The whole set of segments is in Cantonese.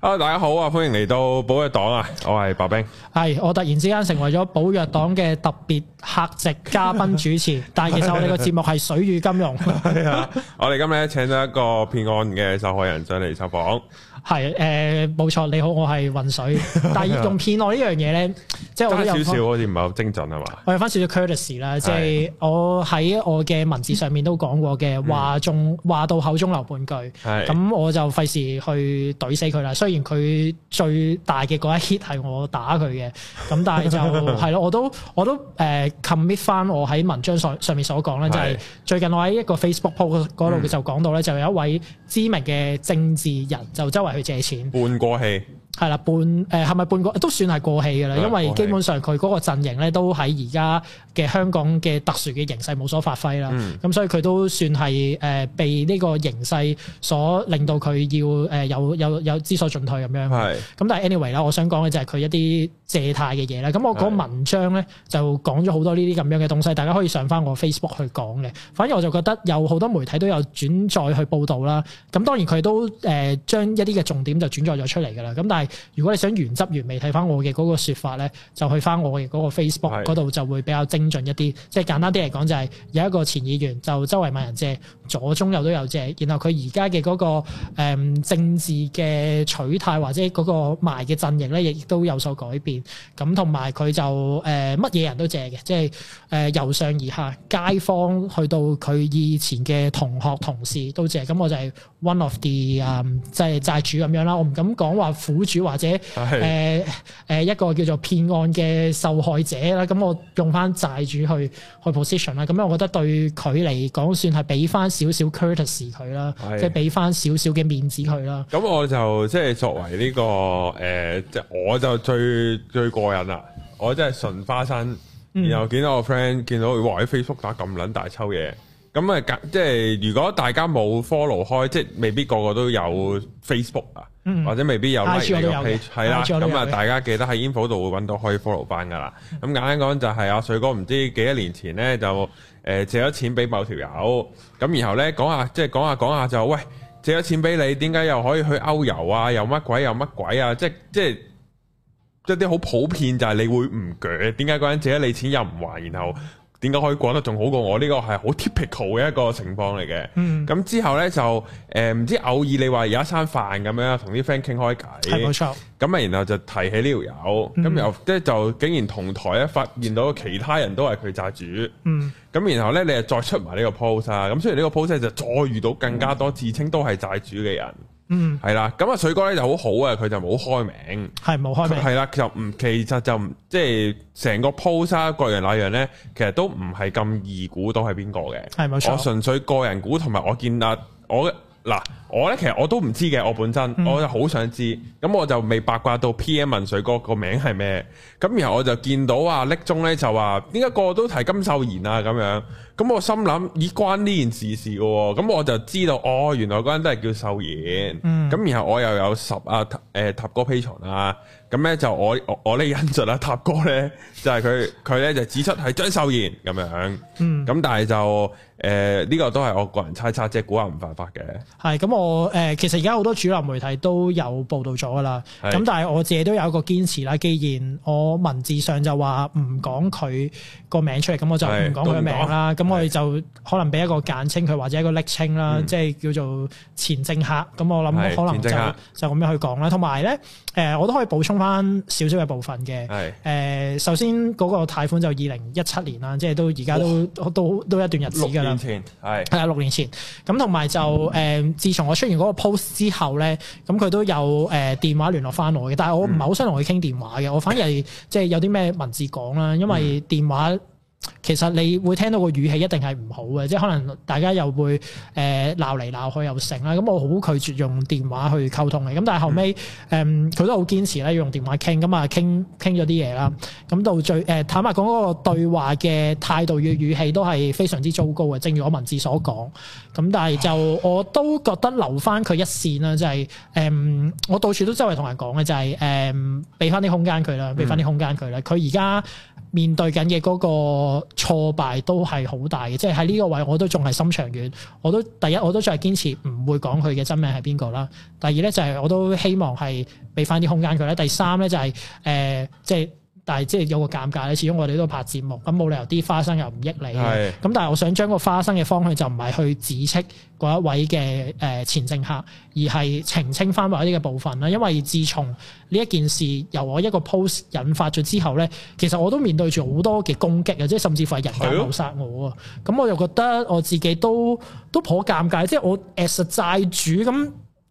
啊！Hello, 大家好啊，歡迎嚟到保約黨啊，我係白兵，係我突然之間成為咗保約黨嘅特別客席嘉賓主持， 但係其實我哋個節目係水與金融。係 啊，我哋今日咧請咗一個騙案嘅受害人上嚟受訪。係誒，冇錯，你好，我係渾水。但係用騙我呢樣嘢咧，即係我有少少好似唔係好精準啊嘛？我有翻少少 courtesy 啦，即係我喺我嘅文字上面都講過嘅話仲話到口中留半句。係咁我就費事去懟死佢啦。雖然佢最大嘅一 hit 係我打佢嘅，咁但係就係咯， 我都我都誒 commit 翻我喺文章上上面所講咧，就係、是、最近我喺一個 Facebook post 嗰度就講到咧，嗯、就有一位知名嘅政治人就周圍。去借錢，半過氣。係啦，半誒係咪半個、啊、都算係過氣㗎啦，因為基本上佢嗰個陣營咧都喺而家嘅香港嘅特殊嘅形勢冇所發揮啦，咁、嗯、所以佢都算係誒、呃、被呢個形勢所令到佢要誒、呃、有有有知所進退咁樣的。係是。咁但係 anyway 啦，我想講嘅就係佢一啲借貸嘅嘢啦。咁我嗰文章咧就講咗好多呢啲咁樣嘅東西，大家可以上翻我 Facebook 去講嘅。反而我就覺得有好多媒體都有轉載去報導啦。咁當然佢都誒、呃、將一啲嘅重點就轉載咗出嚟㗎啦。咁但如果你想原汁原味睇返我嘅個說法咧，就去返我嘅個 Facebook 度就會比較精準一啲。即係是的 簡單啲嚟講，就係有一個前議員就周圍問人借，左中右都有借。然後佢而家嘅個誒、嗯、政治嘅取態或者個賣嘅陣營咧，亦都有所改變。咁同埋佢就誒乜嘢人都借嘅，即係誒、呃、由上而下，街坊去到佢以前嘅同學同事都借。咁我就係 one of the 誒即係債主咁樣啦。我唔敢講話苦。主或者誒誒、呃呃、一個叫做騙案嘅受害者啦，咁我用翻債主去去 position 啦，咁我覺得對佢嚟講算係俾翻少少 courtesy 佢啦是，即係俾翻少少嘅面子佢啦、嗯。咁我就即係、就是、作為呢、這個誒、呃，我就最最過癮啦！我真係純花生，嗯、然後見到我 friend 見到佢話喺 Facebook 打咁撚大抽嘢，咁啊即係如果大家冇 follow 開，即係未必個個都有 Facebook 啊。嗯、或者未必有，like page，有，係啦。咁啊，嗯、大家記得喺 info 度會揾到可以 follow 翻噶啦。咁 簡單講就係、是、阿水哥唔知幾多年前呢，就誒借咗錢俾某條友，咁然後呢，講下即係、就是、講下講下就喂借咗錢俾你，點解又可以去歐遊啊？又乜鬼又乜鬼啊？即係即係一啲好普遍就係你會唔鋸？點解嗰人借咗你錢又唔還？然後。點解可以過得仲好過我？呢個係好 typical 嘅一個情況嚟嘅。咁、嗯、之後呢，就誒唔、呃、知偶爾你話有一餐飯咁樣同啲 friend 傾開偈，係冇錯。咁啊、嗯，然後就提起呢條友，咁又即係就竟然同台咧發現到其他人都係佢債主。嗯。咁然後呢，你又再出埋呢個 post 啊？咁所以呢個 post 就再遇到更加多自稱都係債主嘅人。嗯嗯，係啦，咁啊，水哥咧就好好啊，佢就冇開名，係冇開名，係啦，就唔，其實就即係成個 post 啊，各樣那樣咧，其實都唔係咁易估到係邊個嘅，係冇錯，我純粹個人估同埋我見啊，我。嗱，我咧其實我都唔知嘅，我本身、嗯、我就好想知，咁我就未八卦到 PM 問水哥個名係咩，咁然後我就見到啊，匿宗咧就話，點解個個都提金秀賢啊咁樣？咁我心諗，咦關呢件事事嘅喎？咁我就知道，哦原來嗰人都係叫秀賢，咁、嗯、然後我又有十啊誒、啊啊、塔哥 Patreon 啊，咁咧就我我呢印象啊塔哥咧就係佢佢咧就指出係張秀賢咁樣，咁、嗯嗯、但係就。誒呢個都係我個人猜測啫，估下唔犯法嘅。係咁，我誒其實而家好多主流媒體都有報道咗㗎啦。係。咁但係我自己都有個堅持啦。既然我文字上就話唔講佢個名出嚟，咁我就唔講佢名啦。係。咁我哋就可能俾一個簡稱佢，或者一個暱稱啦，即係叫做前政客。咁我諗可能就就咁樣去講啦。同埋咧，誒我都可以補充翻少少嘅部分嘅。係。誒首先嗰個貸款就二零一七年啦，即係都而家都都都一段日子㗎啦。年前係係六年前。咁同埋就誒、呃，自從我出完嗰個 post 之後咧，咁佢都有誒、呃、電話聯絡翻我嘅，但係我唔係好想同佢傾電話嘅。嗯、我反而係即係有啲咩文字講啦，因為電話。嗯其實你會聽到個語氣一定係唔好嘅，即係可能大家又會誒鬧嚟鬧去又成啦。咁我好拒絕用電話去溝通嘅，咁但係後尾，誒、呃、佢都好堅持咧用電話傾，咁啊傾傾咗啲嘢啦。咁到最誒、呃、坦白講嗰、那個對話嘅態度與語氣都係非常之糟糕嘅，正如我文字所講。咁但係就我都覺得留翻佢一線啦，就係、是、誒、呃、我到處都周圍同人講嘅就係誒俾翻啲空間佢啦，俾翻啲空間佢啦。佢而家面對緊嘅嗰個。我挫敗都係好大嘅，即係喺呢個位我都仲係心長遠，我都第一我都仲係堅持唔會講佢嘅真名係邊個啦。第二呢，就係、是、我都希望係俾翻啲空間佢啦。第三呢，就係、是、誒，即、呃、係。就是但係即係有個尷尬咧，始終我哋都拍節目，咁冇理由啲花生又唔益你嘅。咁的但係我想將個花生嘅方向就唔係去指斥嗰一位嘅誒前政客，而係澄清翻某啲嘅部分啦。因為自從呢一件事由我一個 post 引發咗之後咧，其實我都面對住好多嘅攻擊嘅，即係甚至乎係人哋謀殺我啊！咁的我又覺得我自己都都頗尷尬，即係我 as 債主咁。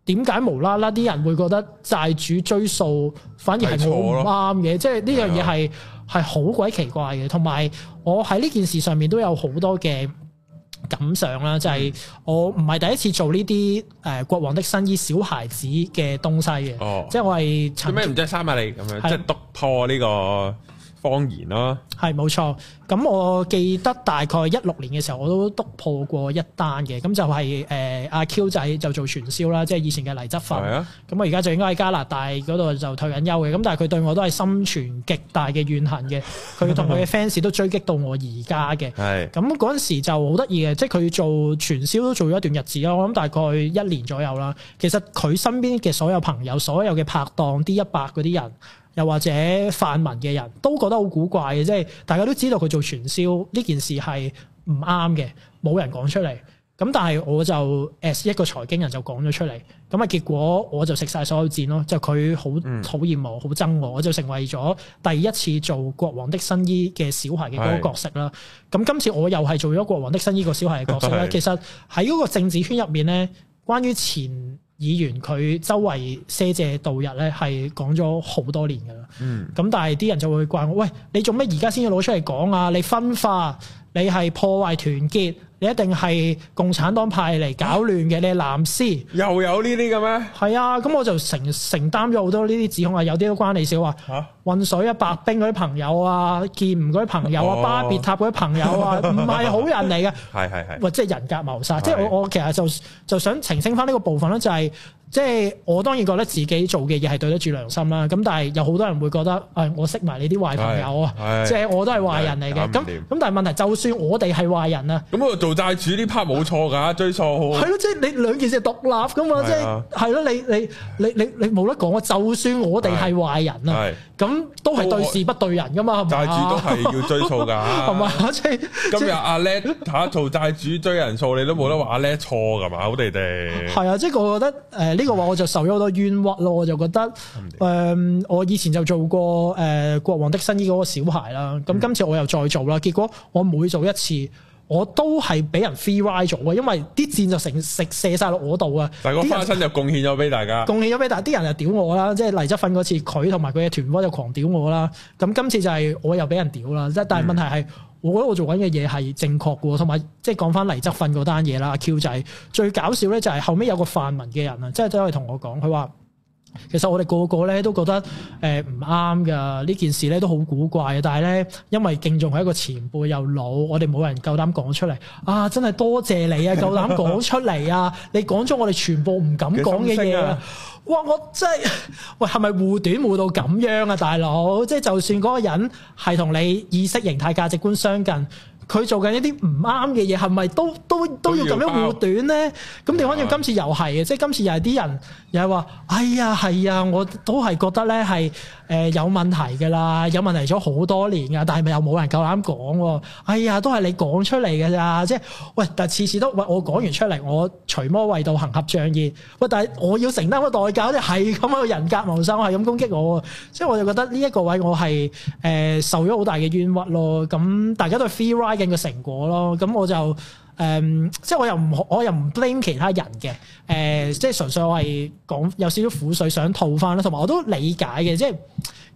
點解無啦啦啲人會覺得債主追數反而係好唔啱嘅？即係呢樣嘢係係好鬼奇怪嘅。同埋我喺呢件事上面都有好多嘅感想啦，就係、是、我唔係第一次做呢啲誒《國王的新衣》小孩子嘅東西嘅，哦、即係我係咩唔即係三萬你咁樣，即係突破呢個謊言咯、啊？係冇錯。咁我記得大概一六年嘅時候，我都督破過一單嘅，咁就係誒阿 Q 仔就做傳銷啦，即係以前嘅黎則奮。咁嗎我而家就應該喺加拿大嗰度就退緊休嘅，咁但係佢對我都係心存極大嘅怨恨嘅，佢同佢嘅 fans 都追擊到我而家嘅。係嗎。咁嗰陣時就好得意嘅，即係佢做傳銷都做咗一段日子啦，我諗大概一年左右啦。其實佢身邊嘅所有朋友、所有嘅拍檔、D100 嗰啲人，又或者泛民嘅人都覺得好古怪嘅，即係大家都知道佢做傳銷呢件事係唔啱嘅，冇人講出嚟。咁但係我就 as 一個財經人就講咗出嚟。咁啊結果我就食晒所有戰咯，就佢好討厭我，好憎我，我就成為咗第一次做國王的新衣嘅小孩嘅嗰個角色啦。咁今是次我又係做咗國王的新衣個小孩嘅角色啦。是其實喺嗰個政治圈入面咧，關於前。議員佢周圍賒借度日咧，係講咗好多年噶啦。嗯，咁但係啲人就會怪我，喂，你做咩而家先要攞出嚟講啊？你分化，你係破壞團結。你一定係共產黨派嚟搞亂嘅，你藍絲又有呢啲嘅咩？係啊，咁我就承承擔咗好多呢啲指控啊，有啲都關你事啊，渾水啊、白兵嗰啲朋友啊、劍唔嗰啲朋友啊、哦、巴別塔嗰啲朋友啊，唔係 好人嚟嘅，係係係，或者係，即係人格謀殺，即係是我我其實就就想澄清翻呢個部分咧，就係、是。即係我當然覺得自己做嘅嘢係對得住良心啦。咁但係有好多人會覺得誒，我識埋你啲壞朋友啊，即係我都係壞人嚟嘅。咁咁但係問題，就算我哋係壞人啊，咁我做債主呢 part 冇錯㗎，追數好。係咯。即係你兩件事獨立㗎嘛，即係係咯。你你你你你冇得講啊。就算我哋係壞人啊，咁都係對事不對人㗎嘛。係債主都係要追數㗎，係嘛？即係今日阿叻嚇做債主追人數，你都冇得話阿叻錯㗎嘛？好哋哋。係啊，即係我覺得誒。呢個話我就受咗好多冤屈咯，我就覺得誒、嗯呃，我以前就做過誒、呃《國王的新衣》嗰個小孩啦，咁今次我又再做啦，結果我每做一次，我都係俾人 free ride 咗啊，因為啲箭就成食射晒落我度啊，花生就貢獻咗俾大家，貢獻咗俾大家。啲人就屌我啦，即係黎則奮嗰次佢同埋佢嘅團夥就狂屌我啦，咁今次就係我又俾人屌啦，即係但係問題係。嗯我覺得我做緊嘅嘢係正確嘅，同埋即係講翻黎則訓嗰單嘢啦。阿 Q 仔最搞笑咧就係後尾有個泛民嘅人啊，即係都係同我講，佢話。其實我哋個個咧都覺得誒唔啱噶，呢件事咧都好古怪啊。但係咧，因為敬重係一個前輩又老，我哋冇人夠膽講出嚟。啊，真係多謝你啊，夠膽講出嚟啊！你講咗我哋全部唔敢講嘅嘢啊！哇，我真係喂，係咪護短護到咁樣啊，大佬？即係就算嗰個人係同你意識形態價值觀相近。佢做緊一啲唔啱嘅嘢，係咪都都都要咁樣護短咧？咁你睇下今次又係嘅，即係今次又係啲人又係話，哎呀係啊，我都係覺得咧係誒有問題㗎啦，有問題咗好多年㗎，但係咪又冇人夠膽講？哎呀，都係你講出嚟㗎咋？即係喂，但次次都喂，我講完出嚟，我除魔為道，行俠仗義。喂，但係我，我，我要承擔個代價，即係咁咁嘅人格謀殺，係咁攻擊我。即係我就覺得呢一個位我係誒、呃、受咗好大嘅冤屈咯。咁大家都 free ride。嘅成果咯，咁我就誒、嗯，即係我又唔，我又唔 blame 其他人嘅，誒、呃，即係純粹我係講有少少苦水想吐翻啦，同埋我都理解嘅，即係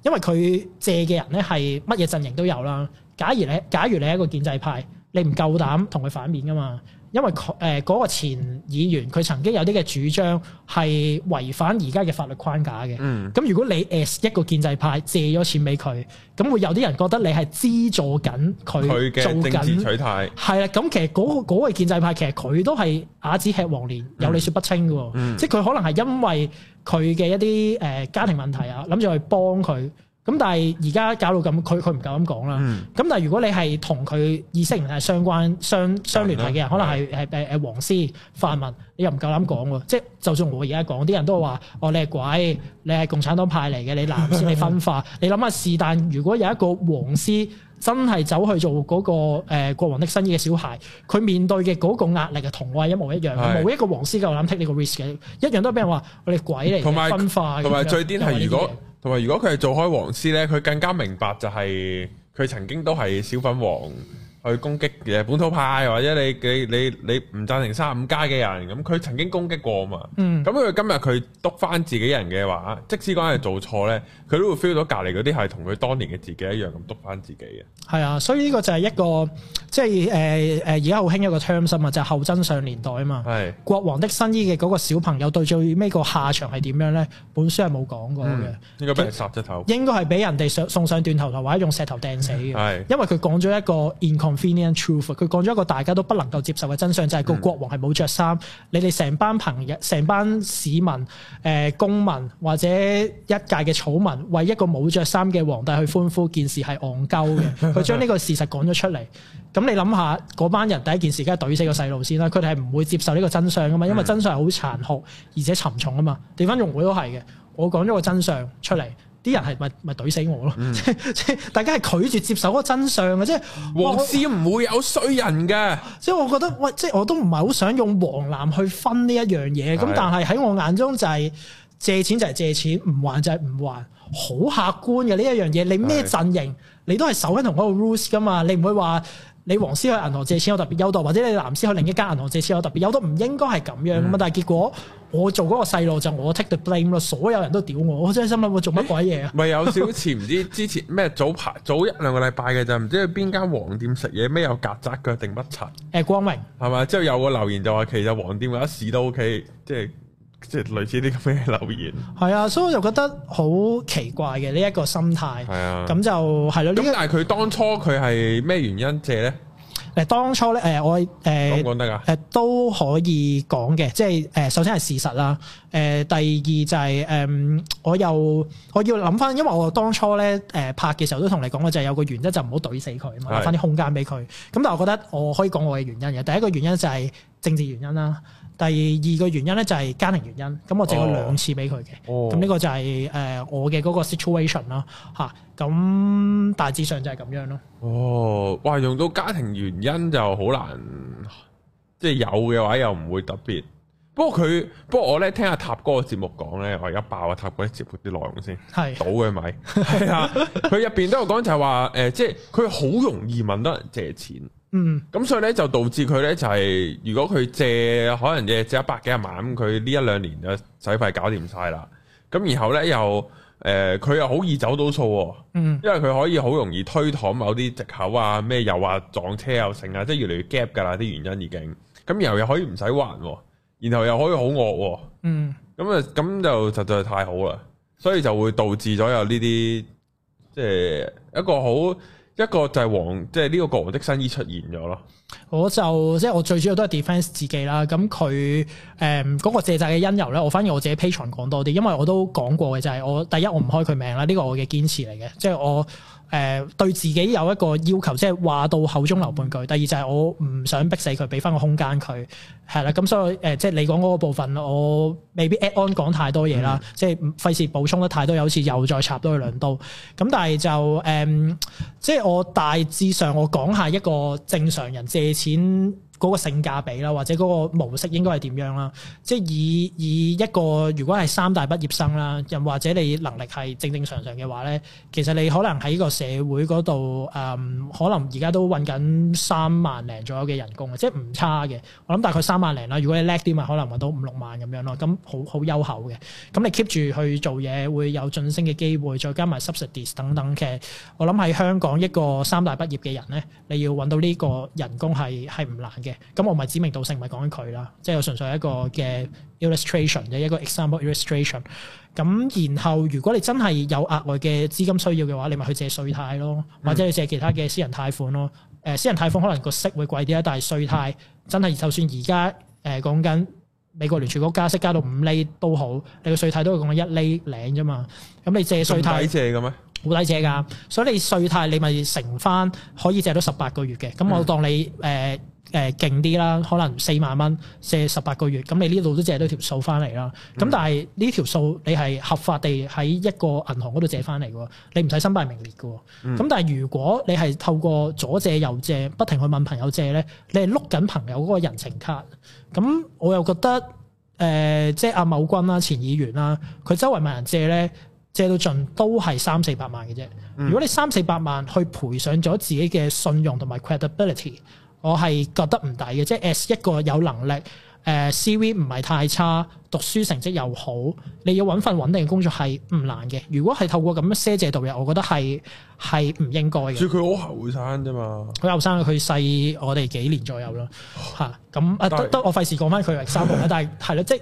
因為佢借嘅人咧係乜嘢陣營都有啦。假如你，假如你係一個建制派，你唔夠膽同佢反面噶嘛？因為佢誒嗰個前議員，佢曾經有啲嘅主張係違反而家嘅法律框架嘅。咁、嗯、如果你 S 一個建制派借咗錢俾佢，咁會有啲人覺得你係資助緊佢做緊政治取態係啦。咁其實嗰、那、嗰、個那個、建制派其實佢都係啞子吃黃連，有理説不清嘅。嗯、即係佢可能係因為佢嘅一啲誒家庭問題啊，諗住去幫佢。咁但係而家搞到咁，佢佢唔夠膽講啦。咁但係如果你係同佢意識形態相關、相相聯繫嘅人，可能係係誒誒黃絲、泛民，你又唔夠膽講喎。即係就算我而家講，啲人都話：哦，你係鬼，你係共產黨派嚟嘅，你藍絲，你分化。 你諗下是但，如果有一個黃絲真係走去做嗰個誒國王的新衣嘅小孩，佢面對嘅嗰個壓力係同我係一模一樣。冇是一個黃絲夠膽 take 呢個 risk 嘅，一樣都俾人話我哋鬼嚟，有分化。同埋同埋最癲係如果。同埋，如果佢係做開黃絲咧，佢更加明白就係佢曾經都係小粉黃。去攻擊嘅本土派，或者你你你唔贊成三十五加嘅人，咁佢曾經攻擊過嘛？嗯。咁佢今日佢督翻自己人嘅話，即使講係做錯咧，佢都會 feel 到隔離嗰啲係同佢當年嘅自己一樣咁督翻自己嘅。係啊，所以呢個就係一個即係誒誒，而家好興一個 term 啊，就係後真相年代啊嘛。係是。國王的新衣嘅嗰個小朋友到最尾個下場係點樣咧？本書係冇講過嘅、嗯。應該俾人殺咗頭。應該係俾人哋送送上斷頭台，或者用石頭掟死嘅。係是。因為佢講咗一個 e n truth 佢講咗一個大家都不能夠接受嘅真相，就係、是、個國王係冇着衫。你哋成班朋友、成班市民、誒、呃、公民或者一屆嘅草民，為一,一個冇着衫嘅皇帝去歡呼，件事係戇鳩嘅。佢將呢個事實講咗出嚟。咁你諗下，嗰班人第一件事梗係懟死個細路先啦。佢哋係唔會接受呢個真相噶嘛，因為真相係好殘酷而且沉重啊嘛。地方用會都係嘅，我講咗個真相出嚟。啲人係咪咪懟死我咯？即係、嗯、大家係拒絕接受嗰個真相嘅，即係黃絲唔會有衰人嘅。即以，就是、我覺得喂，即、就、係、是、我都唔係好想用黃藍去分呢一樣嘢。咁是的 但係喺我眼中就係借錢就係借錢，唔還就係唔還，好客觀嘅呢一樣嘢。你咩陣營，你都係守緊同嗰個 rules 噶嘛？你唔會話。你黃絲去銀行借錢有特別優待，或者你藍絲去另一間銀行借錢有特別優待，唔應該係咁樣啊嘛！嗯、但係結果我做嗰個細路就我 take the blame 咯，所有人都屌我，我真係心諗我做乜鬼嘢啊！咪、欸、有少少唔知之前咩早排早一兩個禮拜嘅咋，唔知去邊間黃店食嘢，咩有曱甴腳定乜柒？誒、欸、光榮係嘛？之後、就是、有個留言就話其實黃店或者市都 OK，即係。即係類似啲咁咩留言，係啊，所以我就覺得好奇怪嘅呢一個心態。係啊，咁就係咯。咁、啊、但係佢當初佢係咩原因借咧？誒、嗯，當初咧，誒、呃，我誒，講講得噶，誒、呃，都可以講嘅。即係誒、呃，首先係事實啦。誒、呃，第二就係、是、誒、呃，我又我要諗翻，因為我當初咧誒、呃、拍嘅時候都同你講，我就係有個原則，就唔好懟死佢，嘛，留翻啲空間俾佢。咁但係我覺得我可以講我嘅原因嘅。第一個原因就係政治原因啦。第二個原因咧就係家庭原因，咁、哦、我借咗兩次俾佢嘅，咁呢、哦、個就係誒我嘅嗰個 situation 啦，嚇咁大致上就係咁樣咯。哦，哇！用到家庭原因就好難，即係有嘅話又唔會特別。不過佢不過我咧聽下塔哥嘅節目講咧，我而家爆下、啊、塔哥啲節目啲內容先。係，倒嘅咪係啊？佢入邊都有講就係話誒，即係佢好容易問到人借錢。嗯，咁所以咧就導致佢咧就係、是，如果佢借可能借借一百幾十萬，咁佢呢一兩年嘅使費搞掂晒啦。咁然後咧又，誒、呃、佢又好易走到數、哦，嗯，因為佢可以好容易推搪某啲藉口啊，咩又話撞車又剩啊，即係越嚟越 gap 㗎啦啲原因已經。咁然後又可以唔使還，然後又可以好惡、哦，哦、嗯，咁啊咁就實在係太好啦，所以就會導致咗有呢啲，即係一個好。一個就係黃，即係呢個國王的新衣出現咗咯。我就即係、就是、我最主要都係 defence 自己啦。咁佢誒嗰個借債嘅因由咧，我反而我自己 Patreon 講多啲，因為我都講過嘅就係我第一我唔開佢名啦，呢、這個我嘅堅持嚟嘅，即、就、係、是、我。誒、呃、對自己有一個要求，即係話到口中留半句。第二就係我唔想逼死佢，俾翻個空間佢，係啦。咁所以誒、呃，即係你講嗰個部分，我未必 act on 講太多嘢啦，嗯、即係費事補充得太多，有時又再插多佢兩刀。咁但係就誒、呃，即係我大致上我講下一個正常人借錢。嗰個性價比啦，或者嗰個模式應該係點樣啦？即係以以一個如果係三大畢業生啦，又或者你能力係正正常常嘅話咧，其實你可能喺個社會嗰度誒，可能而家都揾緊三萬零左右嘅人工，即係唔差嘅。我諗大概三萬零啦，如果你叻啲咪可能揾到五六萬咁樣咯，咁好好優厚嘅。咁你 keep 住去做嘢會有晉升嘅機會，再加埋 subsidies 等等嘅。我諗喺香港一個三大畢業嘅人咧，你要揾到呢個人工係係唔難嘅。咁我咪指名道姓咪講緊佢啦，即係我純粹一個嘅 illustration 嘅一個 example illustration。咁然後如果你真係有額外嘅資金需要嘅話，你咪去借稅貸咯，或者去借其他嘅私人貸款咯。誒、嗯，私人貸款可能個息會貴啲啊，但係稅貸真係就算而家誒講緊美國聯儲局加息加到五厘都好，你個稅貸都會講緊一厘領啫嘛。咁你借稅貸借嘅咩？好抵借噶，所以你稅貸你咪乘翻可以借到十八個月嘅。咁我當你誒。呃誒勁啲啦，可能四萬蚊借十八個月，咁你呢度都借到條數翻嚟啦。咁、嗯、但係呢條數你係合法地喺一個銀行嗰度借翻嚟嘅，你唔使身敗名裂嘅。咁、嗯、但係如果你係透過左借右借，不停去問朋友借呢，你係碌緊朋友嗰個人情卡。咁我又覺得誒、呃，即係阿某君啦、前議員啦，佢周圍問人借呢，借到盡都係三四百萬嘅啫。嗯、如果你三四百萬去賠上咗自己嘅信用同埋 credibility。我係覺得唔抵嘅，即係 S 一個有能力，誒、呃、CV 唔係太差，讀書成績又好，你要揾份穩定嘅工作係唔難嘅。如果係透過咁樣賒借度日，我覺得係係唔應該嘅。所以佢好後生啫嘛，佢後生，佢細我哋幾年左右啦，嚇咁誒，得得我費事講翻佢係三個啦，但係係咯，即係。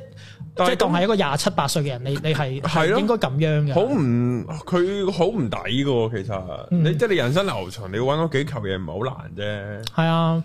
即係當係一個廿七八歲嘅人，你你係係、啊、應該咁樣嘅。好唔佢好唔抵嘅，其實、嗯、你即係你人生流長，你搵多幾球嘢唔係好難啫。係啊、嗯，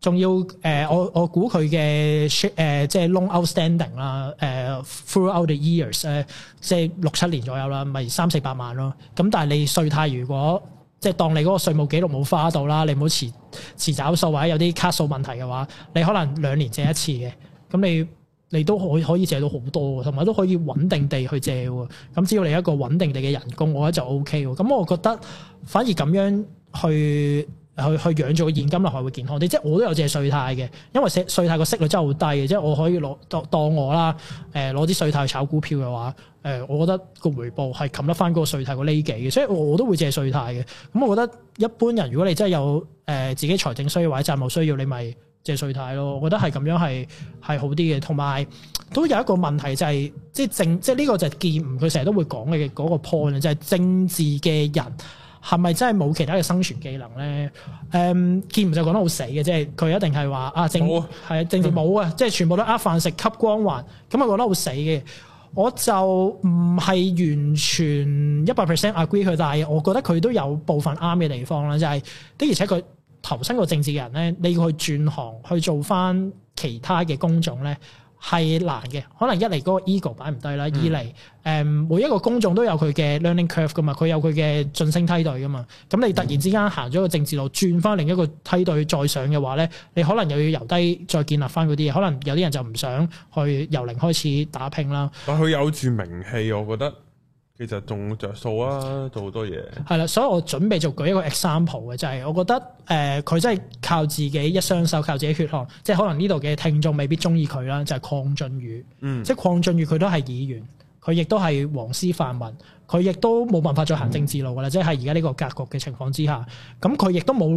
仲、嗯、要誒、呃，我我估佢嘅誒即係 long outstanding 啦、呃，誒 throughout the years 誒、呃，即、就、係、是、六七年左右啦，咪、就是、三四百萬咯。咁但係你稅貸如果即係當你嗰個稅務記錄冇花到啦，你唔好遲遲找數或者有啲卡數問題嘅話，你可能兩年借一次嘅。咁 你你都可以可以借到好多，同埋都可以穩定地去借喎。咁只要你一個穩定地嘅人工，我覺得就 OK 喎。咁我覺得反而咁樣去去去養咗個現金流係會健康啲。即係我都有借稅貸嘅，因為稅稅貸個息率真係好低嘅。即係我可以攞當當我啦，誒攞啲稅貸去炒股票嘅話，誒我覺得個回報係冚得翻嗰個稅貸個利幾嘅。所以我都會借稅貸嘅。咁我覺得一般人如果你真係有誒自己財政需要或者債務需要，你咪。即係衰退咯，我覺得係咁樣係係好啲嘅，同埋都有一個問題就係、是、即係政即係呢個就係建唔佢成日都會講嘅嗰個 point 就係、是、政治嘅人係咪真係冇其他嘅生存技能咧？誒、嗯，建唔就講得好死嘅，即係佢一定係話啊政府係、啊、政治冇啊，嗯、即係全部都呃飯食吸光環，咁啊講得好死嘅，我就唔係完全一百 percent agree 佢，但係我覺得佢都有部分啱嘅地方啦，就係、是、的而且確。投身個政治嘅人咧，你要去轉行去做翻其他嘅工種咧，係難嘅。可能一嚟嗰個 ego 擺唔低啦，嗯、二嚟誒、嗯，每一個工種都有佢嘅 learning curve 噶嘛，佢有佢嘅晉升梯隊噶嘛。咁你突然之間行咗個政治路，轉翻另一個梯隊再上嘅話咧，嗯、你可能又要由低再建立翻嗰啲嘢。可能有啲人就唔想去由零開始打拼啦。但佢、啊、有住名氣，我覺得。其實仲着數啊，做好多嘢。係啦，所以我準備就舉一個 example 嘅，就係、是、我覺得誒，佢真係靠自己一雙手，靠自己血汗。即、就、係、是、可能呢度嘅聽眾未必中意佢啦，就係、是、鄺俊宇。嗯。即係鄺俊宇，佢都係議員，佢亦都係黃絲泛民，佢亦都冇辦法再行政治路噶啦。嗯、即係而家呢個格局嘅情況之下，咁佢亦都冇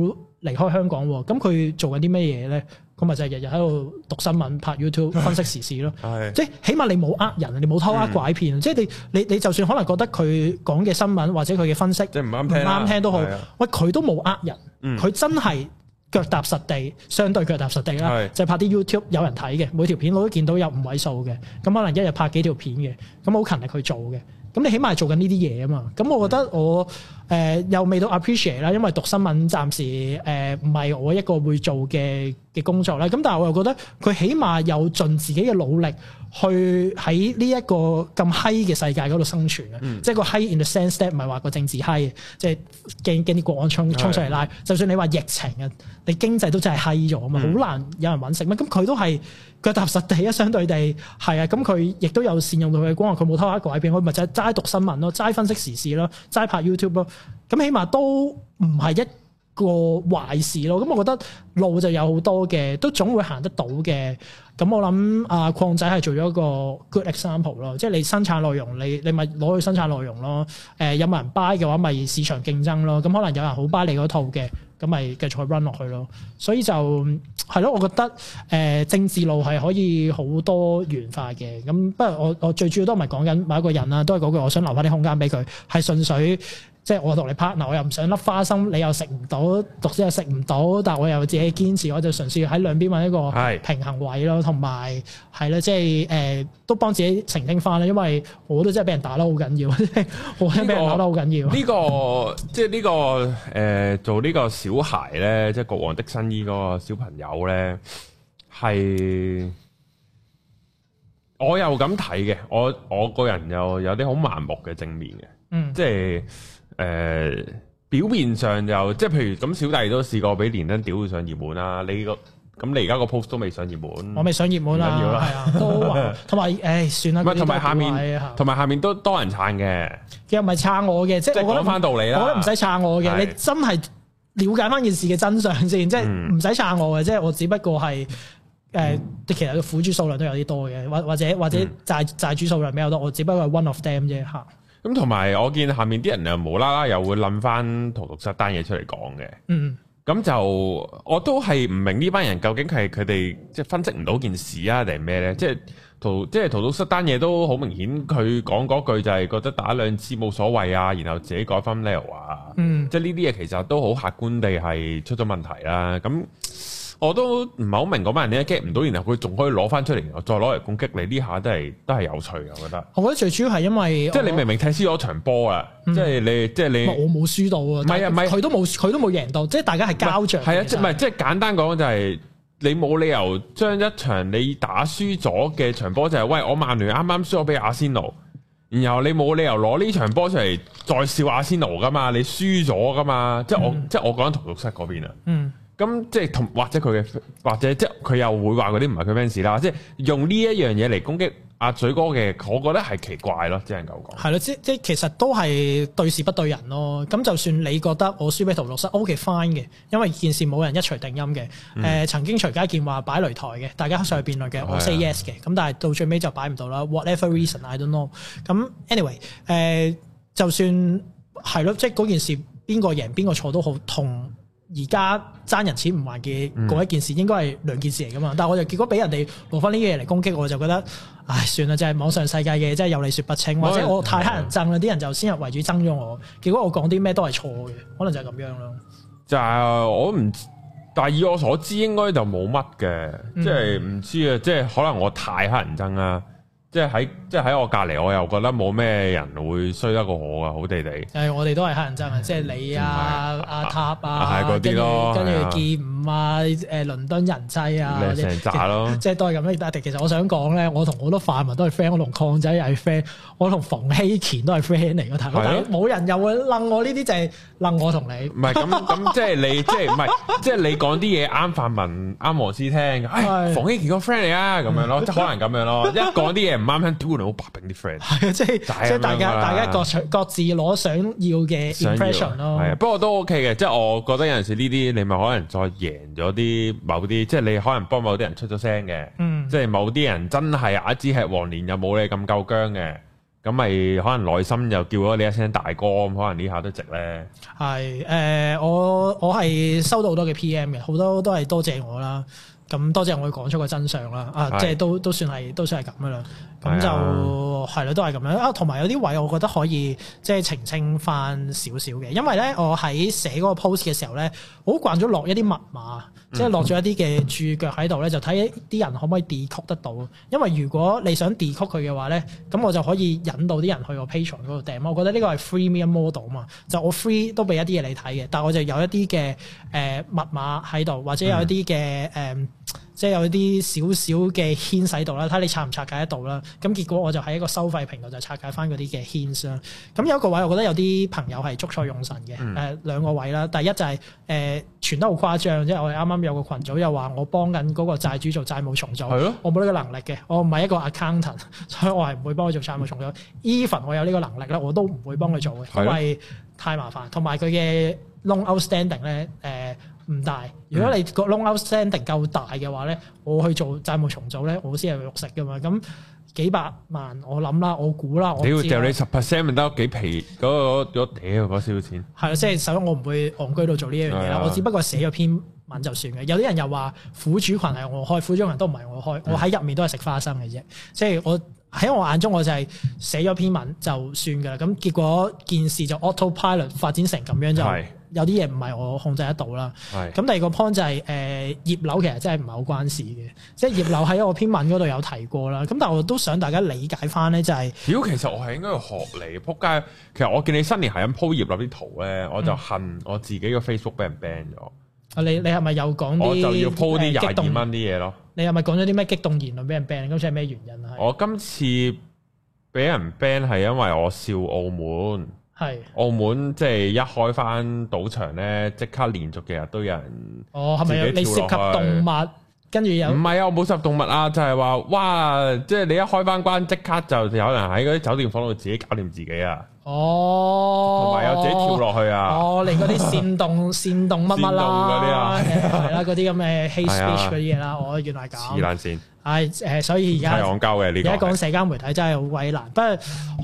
離開香港喎。咁佢做緊啲咩嘢咧？咁咪就係日日喺度讀新聞、拍 YouTube 分析時事咯。唉即係起碼你冇呃人，你冇偷呃拐騙。嗯、即係你你你就算可能覺得佢講嘅新聞或者佢嘅分析即係唔啱聽都好，啊、喂佢都冇呃人。佢、嗯、真係腳踏實地，相對腳踏實地啦。嗯、就係拍啲 YouTube 有人睇嘅，每條片我都見到有五位數嘅。咁可能一日拍幾條片嘅，咁好勤力去做嘅。咁你起碼做緊呢啲嘢啊嘛。咁我覺得我誒又未到 appreciate 啦，因為讀新聞暫時誒唔係我一個會做嘅。嘅工作咧，咁但係我又覺得佢起碼有盡自己嘅努力去喺呢一個咁閪嘅世界嗰度生存嘅，嗯、即係個閪 in the sense that 唔係話個政治閪，即係驚驚啲國安衝衝出嚟拉。嗯、就算你話疫情啊，你經濟都真係閪咗啊嘛，好、嗯、難有人揾食咩？咁佢都係腳踏實地啊，相對地係啊。咁佢亦都有善用到佢嘅光啊，佢冇偷下改變，佢咪就係齋讀新聞咯，齋分析時事咯，齋拍 YouTube 咯。咁起碼都唔係一。個壞事咯，咁、嗯、我覺得路就有好多嘅，都總會行得到嘅。咁、嗯、我諗阿、啊、礦仔係做咗一個 good example 咯，即係你生產內容，你你咪攞去生產內容咯。誒、呃，有冇人 buy 嘅話，咪市場競爭咯。咁、嗯、可能有人好 buy 你嗰套嘅，咁咪繼續去 run 落去咯。所以就係咯，我覺得誒、呃、政治路係可以好多元化嘅。咁、嗯、不過我我最主要都唔係講緊某一個人啦，都係嗰句，我想留翻啲空間俾佢，係純粹。即係我同你 partner，我又唔想粒花生，你又食唔到，讀者又食唔到，但係我又自己堅持，我就純粹喺兩邊揾一個平衡位咯。同埋係啦，即係誒、呃、都幫自己澄清翻啦，因為我都真係俾人打得好緊要，即係、這個、 我俾人打得好緊要。呢、這個、 這個、即係呢、這個誒、呃、做呢個小孩咧，即係《國王的新衣》嗰個小朋友咧，係我又咁睇嘅，我我個人又有啲好盲目嘅正面嘅，嗯，即係、就是。誒、呃，表面上就即係譬如咁，小弟都試過俾連登屌上熱門啦。你個咁你而家個 post 都未上熱門，我未上熱門啦，係啊，都同埋誒，算啦，唔同埋下面，同埋下面都多人撐嘅，其實唔係撐我嘅，即係講翻道理啦，我都唔使撐我嘅，是你真係了解翻件事嘅真相先，即係唔使撐我嘅，即係、嗯、我只不過係誒，呃嗯、其實個苦主數量都有啲多嘅，或者或者或者債債主數量比較多，我只不過 one of them 啫吓。咁同埋，我見下面啲人又無啦啦又會諗翻陶陶室單嘢出嚟講嘅，咁、嗯、就我都係唔明呢班人究竟係佢哋即係分析唔到件事啊，定係咩呢？即係陶即係陶陶失單嘢都好明顯，佢講嗰句就係覺得打兩次冇所謂啊，然後自己改翻 level 啊，即係呢啲嘢其實都好客觀地係出咗問題啦，啊。咁我都唔係好明嗰班人點解 get 唔到，然後佢仲可以攞翻出嚟，再攞嚟攻擊你呢下都係都係有趣嘅，我覺得。我覺得最主要係因為即係你明明踢輸咗場波啊，即係你即係你我冇輸到啊，唔係唔係佢都冇佢都冇贏到，即係大家係膠着。係啊，即係唔係即係簡單講就係你冇理由將一場你打輸咗嘅場波就係喂，我曼聯啱啱輸咗俾阿仙奴，然後你冇理由攞呢場波出嚟再笑阿仙奴㗎嘛？你輸咗㗎嘛？即係我即係我講喺圖毒室嗰邊啊。嗯。咁即係同或者佢嘅，或者，或者即係佢又會話嗰啲唔係佢 fans 啦，即係用呢一樣嘢嚟攻擊阿水哥嘅，我覺得係奇怪咯，即係咁講。係咯，即即其實都係對事不對人咯。咁就算你覺得我輸俾陶樂生，O K fine 嘅，因為件事冇人一錘定音嘅。誒、嗯、曾經徐家健話擺擂台嘅，大家上去辯論嘅，嗯、我 say yes 嘅，咁但係到最尾就擺唔到啦。Whatever reason I don't know。咁 anyway 誒、呃，就算係咯，即係嗰件事邊個贏邊個錯都好痛。而家爭人錢唔還嘅嗰一件事，嗯、應該係兩件事嚟噶嘛？但係我就結果俾人哋攞翻呢啲嘢嚟攻擊，我就覺得，唉，算啦，就係網上世界嘅，真係有理説不清，或者我太黑人憎啦，啲、嗯、人就先入為主憎咗我，結果我講啲咩都係錯嘅，可能就係咁樣咯。就係我唔，但係以我所知應該就冇乜嘅，即係唔知啊，即係可能我太黑人憎啦、啊。即係喺即係喺我隔籬，我又覺得冇咩人會衰得過我噶，好地地。誒，我哋都係黑人憎啊，即係你啊阿塔啊，跟住跟住劍啊，誒倫敦人妻啊，成紮即係都係咁樣。但其實我想講咧，我同好多泛民都係 friend，我同抗仔都係 friend，我同馮熙乾都係 friend 嚟嗰頭。但冇人又會擸我呢啲，就係擸我同你。唔係咁咁，即係你即係唔係即係你講啲嘢啱泛民啱黃絲聽。唉，馮熙乾個 friend 嚟啊，咁樣咯，可能咁樣咯。一講啲嘢啱啱屌你好白領啲 friend，係啊，即係即係大家 大家各 各，各自攞想要嘅 impression 要、啊、咯。 不過都 OK 嘅，即係我覺得有陣時呢啲你咪可能再贏咗啲某啲，即係你可能幫某啲人出咗聲嘅，嗯、即係某啲人真係啞子吃黃連又冇你咁夠薑嘅，咁咪可能內心又叫咗你一聲大哥，咁可能呢下都值咧。係誒、呃，我我係收到好多嘅 PM 嘅，好多都係多謝，謝我啦。咁多謝我會講出個真相啦！的啊，即係都都算係都算係咁嘅啦。咁就係啦、哎呀，都係咁樣啊。同埋有啲位我覺得可以即係、就是、澄清翻少少嘅，因為咧我喺寫嗰個 post 嘅時候咧，好慣咗落一啲密碼，嗯、即係落咗一啲嘅注腳喺度咧，就睇啲人可唔可以 decode 得到。因為如果你想 decode 佢嘅話咧，咁我就可以引導啲人去個 Patreon 嗰度訂。我覺得呢個係 freemium model 嘛，就我 free 都俾一啲嘢你睇嘅，但係我就有一啲嘅誒密碼喺度，或者有一啲嘅誒。即係有啲少少嘅牽使度啦，睇下你拆唔拆解得到啦。咁結果我就喺一個收費平台就拆解翻嗰啲嘅牽使。咁有一個位，我覺得有啲朋友係捉錯用神嘅。誒、嗯、兩個位啦，第一就係、是、誒、呃、傳得好誇張，即係我哋啱啱有個群組又話我幫緊嗰個債主做債務重組，係咯的，我冇呢個能力嘅，我唔係一個 accountant，所以我係唔會幫佢做債務重組。Even、嗯、我有呢個能力咧，我都唔會幫佢做嘅，的因為太麻煩。同埋佢嘅 long outstanding 咧，誒、呃。唔大，如果你個 long outstanding 夠大嘅話咧，我去做債務重組咧，我先係肉食噶嘛。咁幾百萬，我諗啦，我估啦，我啦你要掉你十 percent 都幾皮嗰、嗰個，嗰屌嗰少錢。係啊，即係首先我唔會昂居到做呢一樣嘢啦。哎、呀我只不過寫咗篇文就算嘅。有啲人又話苦主群係我開，苦主群都唔係我開，嗯、我喺入面都係食花生嘅啫。即係我喺我眼中，我就係寫咗篇文就算嘅。咁結果件事就 auto pilot 發展成咁樣就。有啲嘢唔係我控制得到啦。咁是第二個 point 就係、是、誒、呃、葉劉其實真係唔係好關事嘅， 即係葉劉喺我篇文嗰度有提過啦。咁但係我都想大家理解翻咧、就是，就係屌其實我係應該要學你仆街。其實我見你新年係咁鋪葉劉啲圖咧，嗯、我就恨我自己個 Facebook 俾人 ban 咗。啊、嗯、你你係咪有講啲我就要鋪啲廿二蚊啲嘢咯？你係咪講咗啲咩激動言論俾人 ban？咁即係咩原因啊？我今次俾人 ban 係因為我笑澳門。係是澳門即係一開翻賭場咧，即刻連續幾日都有人哦，係咪你涉及動物？跟住有唔係，我冇涉及動物啊？就係、是、話哇，即係你一開翻關，即刻就有人喺嗰啲酒店房度自己搞掂自己啊！哦，同埋有自己跳落去啊！哦，嚟嗰啲煽動、 煽動乜乜啦，嗰啲啊，係啦、啊，嗰啲咁嘅 hate speech 嗰啲嘢啦，我原來搞，黐爛線，唉，誒，所以而家交嘅呢，而家講社交媒體真係好為難， 不過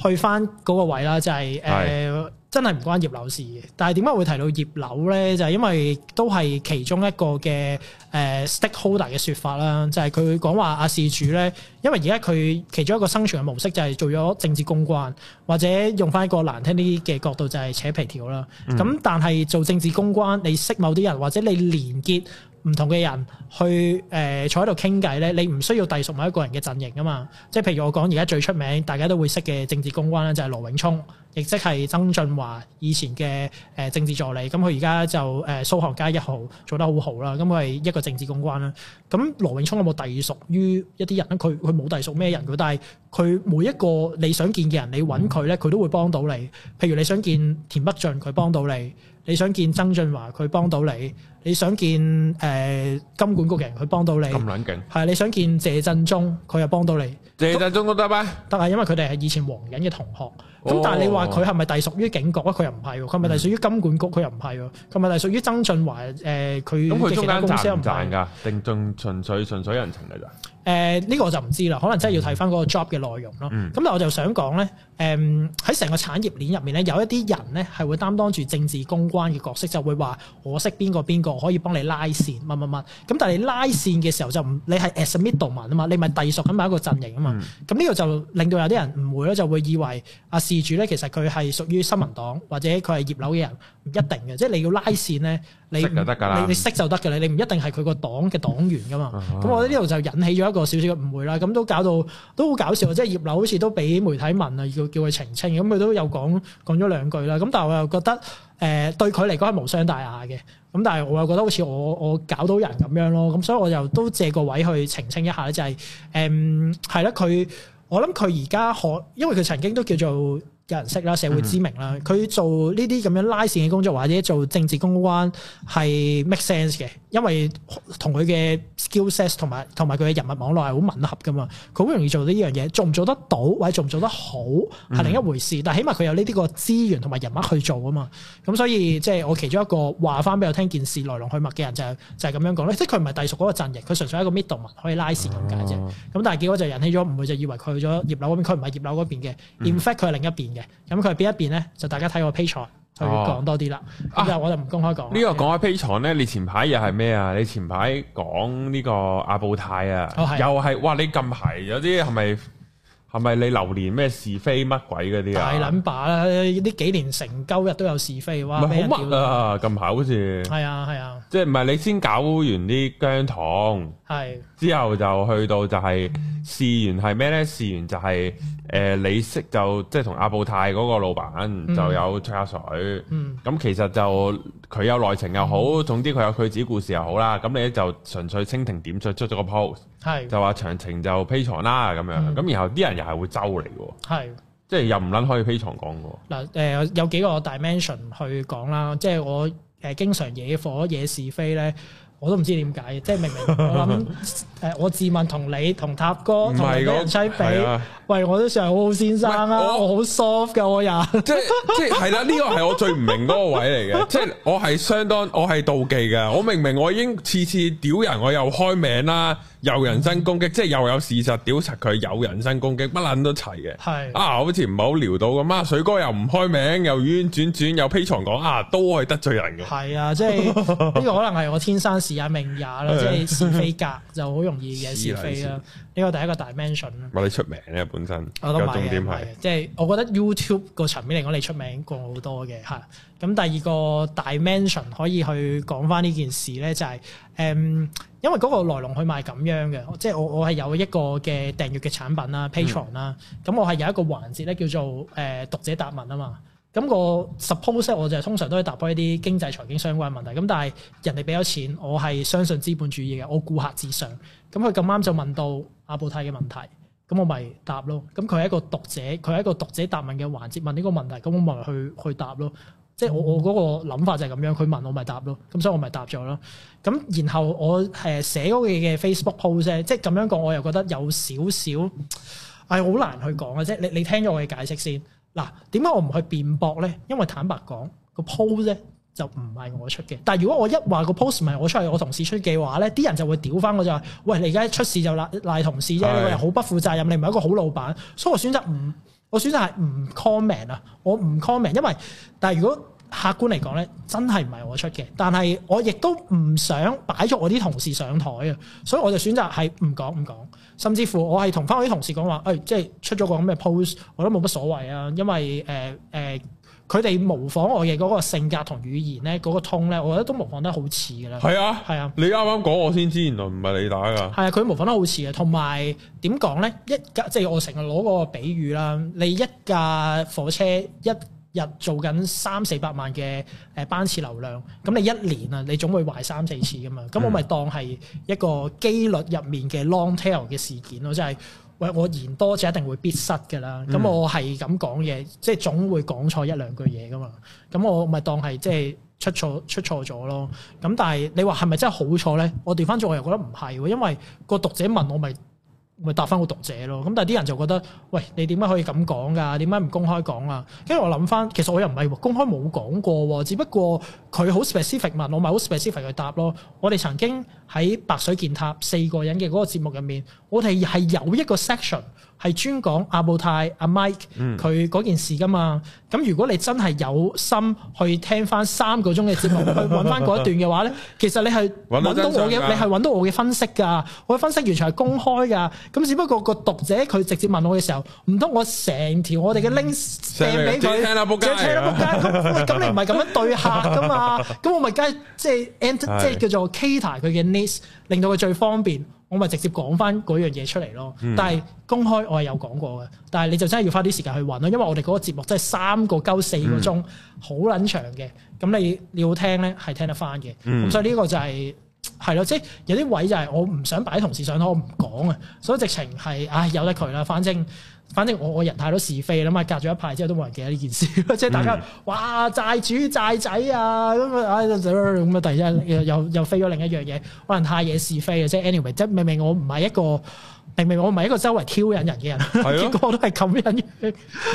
去返嗰個位啦，就係、是、誒。呃真係唔關葉劉事嘅，但係點解會提到葉劉咧？就係、是、因為都係其中一個嘅誒、呃、Stakeholder 嘅說法啦，就係、是、佢會講話阿事主咧，因為而家佢其中一個生存嘅模式就係做咗政治公關，或者用翻一個難聽啲嘅角度就係扯皮條啦。咁、嗯、但係做政治公關，你識某啲人，或者你連結。唔同嘅人去誒、呃、坐喺度傾偈咧，你唔需要隸屬某一個人嘅陣營啊嘛。即係譬如我講而家最出名，大家都會識嘅政治公關咧，就係羅永聰，亦即係曾俊華以前嘅誒、呃、政治助理。咁佢而家就誒、呃、蘇杭街一號做得好好啦。咁佢係一個政治公關啦。咁羅永聰有冇隸屬於一啲人咧？佢，佢冇隸屬咩人，佢，但係佢每一個你想見嘅人，你揾佢咧，佢都會幫到你。譬如你想見田北俊，佢幫到你。你想見曾俊華，佢幫到你，你想見誒、呃、金管局嘅人，佢幫到你，咁撚勁係你想見謝振中，佢又幫到你，謝振中都得咩？得啊！因為佢哋係以前黃人嘅同學，咁、哦、但係你話佢係咪隸屬於警局咧？佢又唔係，佢係咪屬於金管局？佢又唔係，佢咪係屬於曾俊華誒？佢咁佢中間佢其他公司賺唔賺㗎？定仲純粹純，純粹人情㗎咋？誒呢、呃呢個我就唔知啦，可能真係要睇返嗰個 job 嘅內容咯。咁、嗯、但我就想講咧，誒喺成個產業鏈入面咧，有一啲人咧係會擔當住政治公關嘅角色，就會話我識邊個邊個我可以幫你拉線，乜乜乜。咁但你拉線嘅時候就唔，你係 asmit 動員啊嘛，你咪隸屬緊某一個陣營啊嘛。咁呢個就令到有啲人誤會啦，就會以為阿事主咧其實佢係屬於新民黨或者佢係葉劉嘅人。唔一定嘅，即係你要拉線咧，你識就得噶啦，你你識就得噶啦，你唔一定係佢個黨嘅黨員噶嘛。咁、啊、我覺得呢度就引起咗一個少少嘅誤會啦。咁都搞到都好搞笑。即係葉劉好似都俾媒體問啊，要叫佢澄清，咁佢都有講講咗兩句啦。咁但係我又覺得誒、呃、對佢嚟講係無傷大雅嘅。咁但係我又覺得好似我我搞到人咁樣咯。咁所以我又都借個位去澄清一下咧，就係誒係啦。佢、嗯、我諗佢而家可，因為佢曾經都叫做。有人識啦，社會知名啦，佢、mm hmm. 做呢啲咁樣拉線嘅工作或者做政治公關係 make sense 嘅，因為同佢嘅 skill sets 同埋同埋佢嘅人物網絡係好吻合噶嘛，佢好容易做到呢樣嘢。做唔做得到或者做唔做得好係另一回事，mm hmm. 但起碼佢有呢啲個資源同埋人物去做啊嘛。咁所以即係我其中一個話翻俾我聽，件事來龍去脈嘅人就係就係咁樣講啦。即係佢唔係隸屬嗰個陣營，佢純粹係一個 middleman 可以拉線咁解啫。咁、oh. 但係結果就引起咗，唔會就以為佢去咗葉劉嗰邊，佢唔係葉劉嗰邊嘅，mm hmm. in fact 佢係另一邊。咁佢係邊一邊咧？就大家睇我 Patreon 去講多啲啦。之後、哦、我就唔公開講。啊這個、呢個講喺 Patreon 咧，你前排又係咩啊？你前排講呢個阿布泰啊，哦、又係哇！你近排有啲係咪？是係咪你流年咩是非乜鬼嗰啲啊？大撚把啦，呢幾年成交日都有是非，哇！好乜是啊！咁巧好似係啊係啊，啊即係唔係你先搞完啲姜糖，係、啊、之後就去到就係、是嗯、試完係咩咧？試完就係、是、誒、呃，你識就即係同阿布泰嗰個老闆就有吹下水，咁、嗯嗯、其實就佢有內情又好，嗯、總之佢有佢自己故事又好啦。咁你咧就純粹蜻蜓點水出咗個 pose。係就話詳情就披床啦咁樣，咁然後啲人又係會周嚟嘅，係即係又唔撚可以披床講嘅。嗱誒有幾個 dimension 去講啦，即係我誒經常惹火惹是非咧，我都唔知點解。即係明明我諗誒，我自問同你同塔哥同啲唔使比，喂我都算係好好先生啦，我好 soft 嘅我又即即係啦，呢個係我最唔明嗰個位嚟嘅，即係我係相當我係妒忌嘅，我明明我已經次次屌人，我又開名啦。又人身攻擊，即係又有事實屌柒佢，有人身攻擊，乜撚都齊嘅。係啊，啊，好似唔係好撩到咁啊，水哥又唔開名，又冤轉轉，又披床講啊，都係得罪人嘅。係啊，即係呢 個可能係我天生時也命也啦，啊、即係是，是非格 就好容易嘅。是非啊。 呢個第一個 dimension 啦，我係出名咧本身，我個重點係即係我覺得 YouTube 個層面嚟講，你出名過好多嘅嚇。咁第二個 dimension 可以去講翻呢件事咧，就係、是、誒、嗯，因為嗰個來龍去脈係咁樣嘅，即、就、係、是、我我係有一個嘅訂閱嘅產品啦 Patreon 啦，咁、嗯、我係有一個環節咧叫做誒、呃、讀者答問啊嘛。咁個 suppose 我就係通常都係答翻一啲經濟財經相關問題。咁但係人哋俾咗錢，我係相信資本主義嘅，我顧客至上。咁佢咁啱就問到阿布泰嘅問題，咁我咪答咯。咁佢係一個讀者，佢係一個讀者答問嘅環節，問呢個問題，咁我咪去去答咯。即係我我嗰個諗法就係咁樣，佢問我咪答咯。咁所以我咪答咗咯。咁然後我誒寫嗰嘢嘅 Facebook post 即係咁樣講，我又覺得有少少係好、哎、難去講嘅啫。你你聽咗我嘅解釋先。嗱，點解我唔去辯駁咧？因為坦白講，個 post 咧就唔係我出嘅。但係如果我一話個 post 唔係我出，我同事出嘅話咧，啲人就會屌翻我，就話：喂，你而家一出事就賴賴同事啫，的我又好不負責任，你唔係一個好老闆。所以我選擇唔，我選擇係唔 comment 啊，我唔 comment，因為但係如果客觀嚟講咧，真係唔係我出嘅。但係我亦都唔想擺咗我啲同事上台啊，所以我就選擇係唔講唔講。甚至乎我係同翻我啲同事講話，誒、哎、即係出咗個咁嘅 post，我都冇乜所謂啊，因為誒誒佢哋模仿我嘅嗰個性格同語言咧，嗰、嗰個通咧，我覺得都模仿得好似㗎啦。係啊，係啊，你啱啱講我先知，原來唔係你打㗎。係啊，佢模仿得好似啊。同埋點講咧？一架即係我成日攞嗰個比喻啦，你一架火車一日做緊三四百萬嘅誒班次流量，咁你一年啊，你總會壞三四次噶嘛，咁我咪當係一個機率入面嘅 long tail 嘅事件咯，即係喂我言多就一定會必失噶啦，咁我係咁講嘢，即係總會講錯一兩句嘢噶嘛，咁我咪當係即係出錯出錯咗咯，咁但係你話係咪真係好錯咧？我調翻轉我又覺得唔係喎，因為個讀者問我咪。我就是咪答翻個讀者咯，咁但係啲人就覺得，喂，你點解可以咁講噶？點解唔公開講啊？跟住我諗翻，其實我又唔係公開冇講過，只不過佢好 specific 問，我咪好 specific 去答咯。我哋曾經喺白水建塔四個人嘅嗰個節目入面，我哋係有一個 section。係專講阿布泰、阿 Mike 佢嗰、mm. 件事㗎嘛？咁如果你真係有心去聽翻三個鐘嘅節目， 去揾翻嗰一段嘅話咧，其實你係揾到我嘅，你係揾到我嘅分析㗎。我嘅分析完全係公開㗎。咁只不過個讀者佢直接問我嘅時候，唔通我成條我哋嘅 link send 俾佢？扯啦仆街！咁咁你唔係咁樣對客㗎嘛？咁我咪梗係即係 ent 即係叫做 cater 佢嘅 needs 令到佢最方便。我咪直接講翻嗰樣嘢出嚟咯，但係公開我係有講過嘅，但係你就真係要花啲時間去揾咯，因為我哋嗰個節目真係三個鳩四個鐘，好撚、嗯、長嘅，咁你你要聽咧係聽得翻嘅，咁、嗯、所以呢個就係係咯，即係、就是、有啲位就係我唔想擺同事上台，我唔講啊，所以直情係唉由得佢啦，反正。反正我我人太多是非啦嘛，隔咗一排之後都冇人記得呢件事，即、就是、大家、嗯、哇債主債仔啊咁啊，咁啊，突然間又又，又飛咗另一樣嘢，可能太惹是非嘅，即、就、係、是、anyway，即明明我唔係一個。明明我唔係一個周圍挑釁人嘅人，的結果我都係咁樣嘅。呢、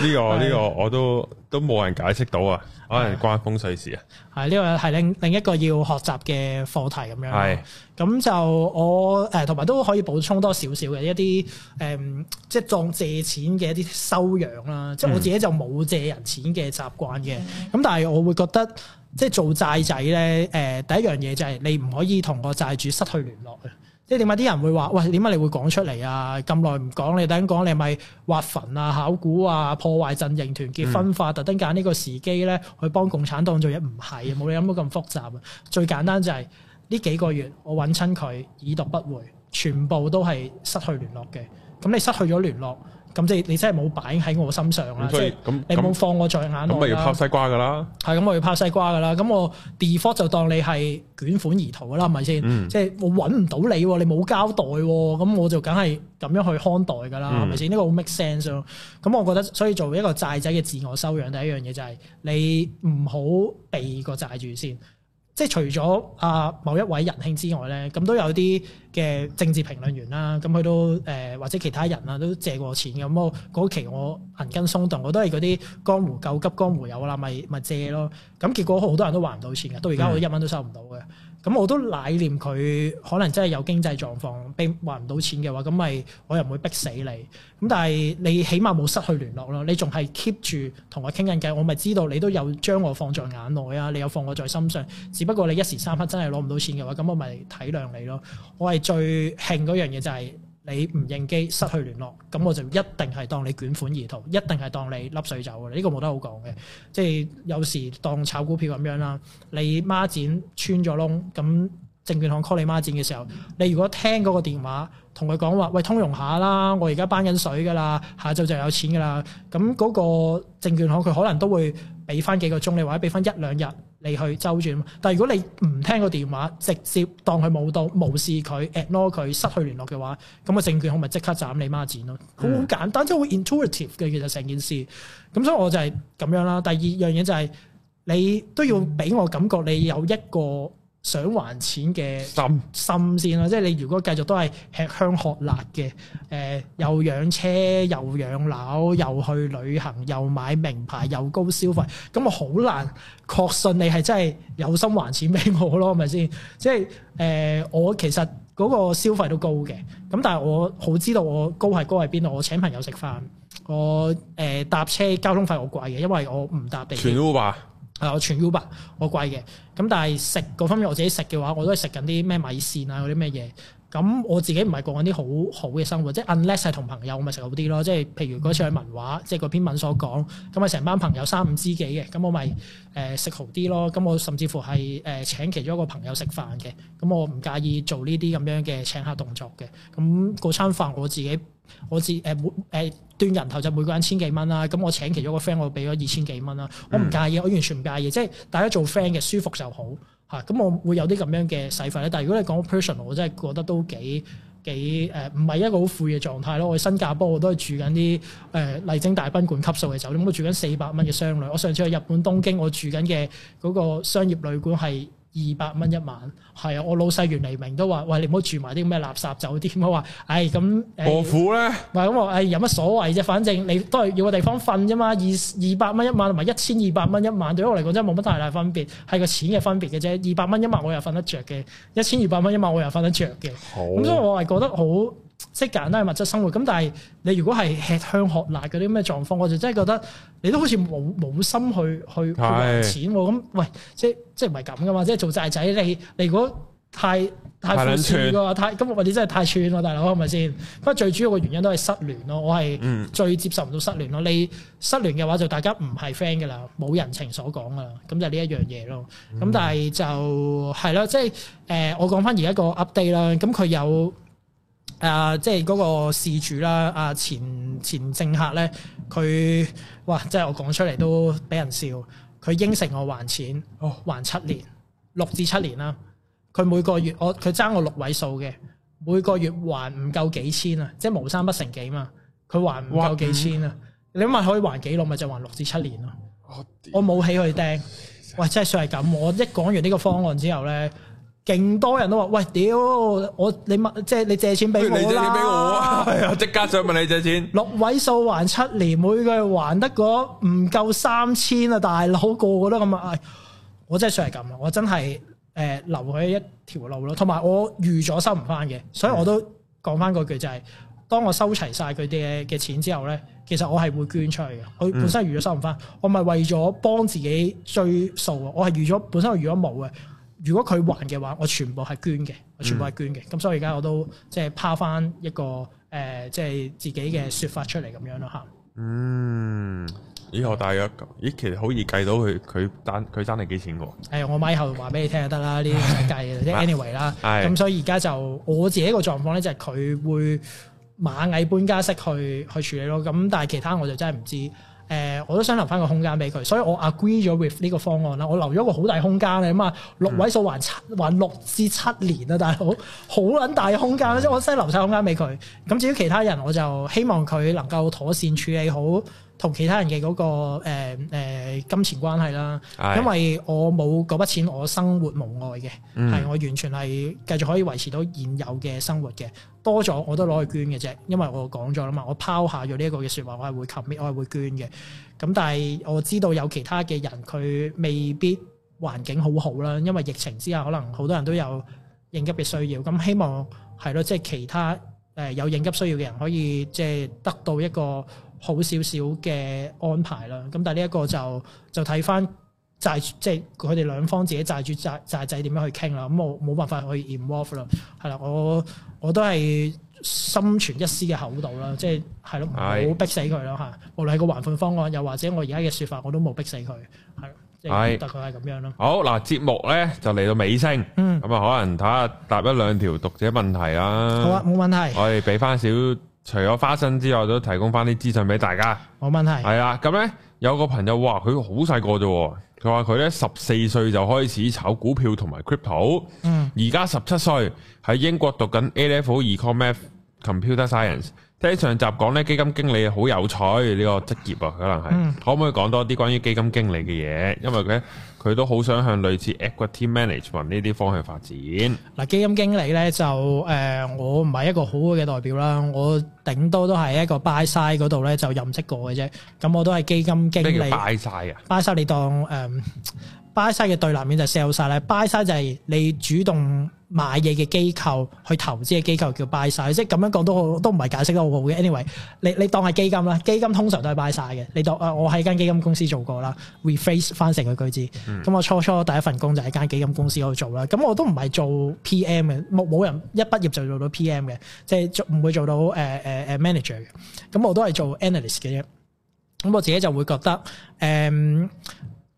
這個呢的個我都都冇人解釋到啊！的可能關風水事啊？係呢個係另另一個要學習嘅課題咁樣。係咁的就我誒，同埋都可以補充多少少嘅一啲誒、嗯，即係撞借錢嘅一啲修養啦。即係、嗯、我自己就冇借人錢嘅習慣嘅。咁、嗯、但係我會覺得，即係做債仔咧，誒，第一樣嘢就係你唔可以同個債主失去聯絡嘅。即係點啊？啲人會話，喂，點解你會講出嚟啊？咁耐唔講，你等陣講，你係咪挖墳啊、考古啊、破壞陣營、團結分化，特登揀呢個時機咧去幫共產黨做嘢？唔係啊，冇你諗到咁複雜啊！最簡單就係呢幾個月，我揾親佢，已讀不回，全部都係失去聯絡嘅。咁你失去咗聯絡。咁即係你真係冇擺喺我心上啦，即係你冇放我在眼度啦，咁咪要拍西瓜噶啦？係咁，我要拍西瓜噶啦。咁我 default 就當你係捲款而逃噶啦，係咪先？嗯、即係我揾唔到你、啊，你冇交代、啊，咁我就梗係咁樣去看待噶啦，係咪先？呢、呢個好 make sense 咯。咁我覺得，所以做一個債仔嘅自我修養第一樣嘢就係你唔好避個債主先。即係除咗啊某一位仁兄之外咧，咁都有啲嘅政治評論員啦，咁佢都誒、呃、或者其他人啦，都借過錢咁。我嗰、那個、期我銀根鬆動，我都係嗰啲江湖救急、江湖友啦，咪咪借咯。咁結果好多人都還唔到錢嘅，到而家我一蚊都收唔到嘅。咁、嗯、我都乃念佢可能真係有經濟狀況，並還唔到錢嘅話，咁咪我又唔會逼死你。咁但係你起碼冇失去聯絡咯，你仲係 keep 住同我傾緊偈，我咪知道你都有將我放在眼內啊，你有放我在心上。只不過你一時三刻真係攞唔到錢嘅話，咁我咪體諒你咯。我係最慶嗰樣嘢就係、是。你唔應機，失去聯絡，咁我就一定係當你捲款而逃，一定係當你甩水走嘅。呢個冇得好講嘅，即係有時當炒股票咁樣啦。你孖展穿咗窿，咁證券行 call 你孖展嘅時候，你如果聽嗰個電話同佢講話，喂，通融下啦，我而家班緊水㗎啦，下晝就有錢㗎啦，咁嗰個證券行佢可能都會。俾翻幾個鐘，你或者俾翻一兩日你去周轉。但係如果你唔聽個電話，直接當佢冇到，無視佢 ignore 佢，失去聯絡嘅話，咁、個證券行咪即刻斬你孖展咯！好、嗯、簡單，即係好 intuitive 嘅其實成件事。咁所以我就係咁樣啦。第二樣嘢就係、係、你都要俾我感覺你有一個。想還錢嘅心心先咯，即係你如果繼續都係吃香喝辣嘅，誒、呃、又養車又養樓又去旅行又買名牌又高消費，咁我好難確信你係真係有心還錢俾我咯，係咪先？即係誒、呃，我其實嗰個消費都高嘅，咁但係我好知道我高係高喺邊度。我請朋友食飯，我誒搭、呃、車交通費好貴嘅，因為我唔搭地鐵。係我全 Uber，我貴嘅。咁但係食嗰、那個、方面，我自己食嘅話，我都係食緊啲咩米線啊，嗰啲咩嘢。咁我自己唔係過緊啲好好嘅生活，即係 unless 係同朋友我咪食好啲咯。即係譬如嗰次去文華，即係個篇文所講，咁咪成班朋友三五知己嘅，咁我咪誒食好啲咯。咁我甚至乎係誒、呃、請其中一個朋友食飯嘅，咁我唔介意做呢啲咁樣嘅請客動作嘅。咁、那、嗰、個、餐飯我自己，我自誒每誒端人頭就每個人一千幾蚊啦。咁我請其中一個 friend，我俾咗二千幾蚊啦。嗯、我唔介意，我完全唔介意，即係大家做 friend 嘅舒服就好。嚇咁、嗯、我會有啲咁樣嘅使費咧，但係如果你講 personal，我真係覺得都幾幾誒，唔、呃、係一個好富裕嘅狀態咯。我去新加坡我都係住緊啲誒麗晶大賓館級數嘅酒店，我住緊四百蚊嘅商旅。我上次去日本東京，我住緊嘅嗰個商業旅館係。二百蚊一晚，係啊！我老細袁黎明都話：「喂，你唔好住埋啲咩垃圾酒店。」我話，唉，哎，咁，哎，何苦咧？唔係咁我，哎，唉，有乜所謂啫？反正你都係要個地方瞓啫嘛。二二百蚊一晚同埋一千二百蚊一晚，對於我嚟講真係冇乜太大分別，係個錢嘅分別嘅啫。二百蚊一晚我又瞓得着嘅，一千二百蚊一晚我又瞓得着嘅。咁好，嗯，所以我係覺得好。即係簡單嘅物質生活，咁但係你如果係吃香喝辣嗰啲咁嘅狀況，我就真係覺得你都好似冇冇心去去還錢喎。咁喂，即係即係唔係咁噶嘛？即係做債仔，你你如果太太穿噶話，太咁我話你真係太串啦，大佬係咪先？不過最主要嘅原因都係失聯咯。我係最接受唔到失聯咯。你失聯嘅話就大家唔係 friend 噶啦，冇人情所講噶啦。咁就呢一樣嘢咯。咁但係就係咯，即係誒，我講返而家個 update 啦。咁佢有。誒、啊，即係嗰個事主啦，啊前前政客咧，佢哇，即係我講出嚟都俾人笑。佢應承我還錢，哦、還七年，六至七年啦。佢每個月我佢爭我六位數嘅，每個月還唔夠幾千啊，即係無三不成幾嘛。佢還唔夠幾千啊，嗯、你咪可以還幾耐咪就，就還六至七年咯。哦啊、我冇起佢釘，哇！真係算係咁。我一講完呢個方案之後咧。勁多人都話：喂，屌！我你問，即係你借錢俾我啦，係啊，即、哎、刻想問你借錢。六位數還七年，每個月還得嗰唔夠三千啊，大佬個個都咁啊！我真係想係咁啊。我真係誒、呃、留佢一條路咯。同埋我預咗收唔翻，嘅，所以我都講翻嗰句就係、是：當我收齊晒佢哋嘅錢之後咧，其實我係會捐出去嘅。佢本身預咗收唔翻，嗯、我咪為咗幫自己追數啊！我係預咗，本身我預咗冇嘅。如果佢還嘅話，我全部係捐嘅，我全部係捐嘅，咁、嗯、所以而家我都即係拋翻一個誒、呃，即係自己嘅説法出嚟咁樣咯嚇。嗯，嗯、以後大約咦，其實好易計到佢佢單佢爭係幾錢喎？誒，我咪以後話俾你聽就得啦，呢啲計嘅，即係 anyway 啦、啊。係。咁所以而家就我自己個狀況咧，就係、是、佢會螞蟻搬家式去去處理咯。咁但係其他我就真係唔知。誒，我都想留翻個空間俾佢，所以我 agree 咗 with 呢個方案啦。我留咗一個好大空間咧，咁啊六位數還七，還六至七年啦，大佬，好好撚大空間，即係我真係留晒空間俾佢。咁至於其他人，我就希望佢能夠妥善處理好。同其他人嘅嗰、嗰個誒、呃呃、金錢關係啦，Yes. 因為我冇嗰筆錢，我生活無礙嘅，係、mm. 我完全係繼續可以維持到現有嘅生活嘅，多咗我都攞去捐嘅啫。因為我講咗啦嘛，我拋下咗呢一個嘅説話，我係會 commit，我係會捐嘅。咁但係我知道有其他嘅人，佢未必環境好好啦，因為疫情之下，可能好多人都有應急嘅需要。咁希望係咯，即係其他誒有應急需要嘅人，可以即係得到一個好少少嘅安排啦，咁但係呢一個就就睇翻債即係佢哋兩方自己債主債債仔點樣去傾啦，咁我冇辦法去 involve 啦，係啦，我我都係心存一絲嘅厚道啦，即係係咯，唔好逼死佢啦吓，無論係個還款方案，又或者我而家嘅說法，我都冇逼死佢，係即係大概係咁樣咯。好嗱，節目咧就嚟到尾聲，咁啊、嗯，可能睇下答一兩條讀者問題啦、啊。好啊，冇問題。我哋俾翻少。除咗花生之外，都提供翻啲資訊俾大家。冇問題。係啊，咁呢，有個朋友，哇！佢好細個啫，佢話佢呢十四歲就開始炒股票同埋 crypto 嗯。而家十七歲喺英國讀緊 A Level Econ Math Computer Science。喺上集講咧，基金經理好有趣呢個職業啊，可能係可唔可以講多啲關於基金經理嘅嘢？因為佢佢都好想向類似 equity management 呢啲方向發展。嗱，基金經理咧就誒，我唔係一個好嘅代表啦，我頂多都係一個 buy side 嗰度咧就任職過嘅啫。咁我都係基金經理，即係 buy side 啊，buy side 你當誒 buy side 嘅對立面就 sell side 咧，buy side 就係你主動。買嘢嘅機構去投資嘅機構叫 buy side，ar，即係咁樣講都好，都唔係解釋得好好嘅。anyway，你你當係基金啦，基金通常都係 buy side 嘅。你當啊，我喺間基金公司做過啦，rephrase 翻成個句子。咁、嗯、我初初第一份工就喺間基金公司嗰度做啦。咁我都唔係做 PM 嘅，冇冇人一畢業就做到 PM 嘅，即係做唔會做到誒誒誒 manager 嘅。咁我都係做 analyst 嘅啫。咁我自己就會覺得誒。嗯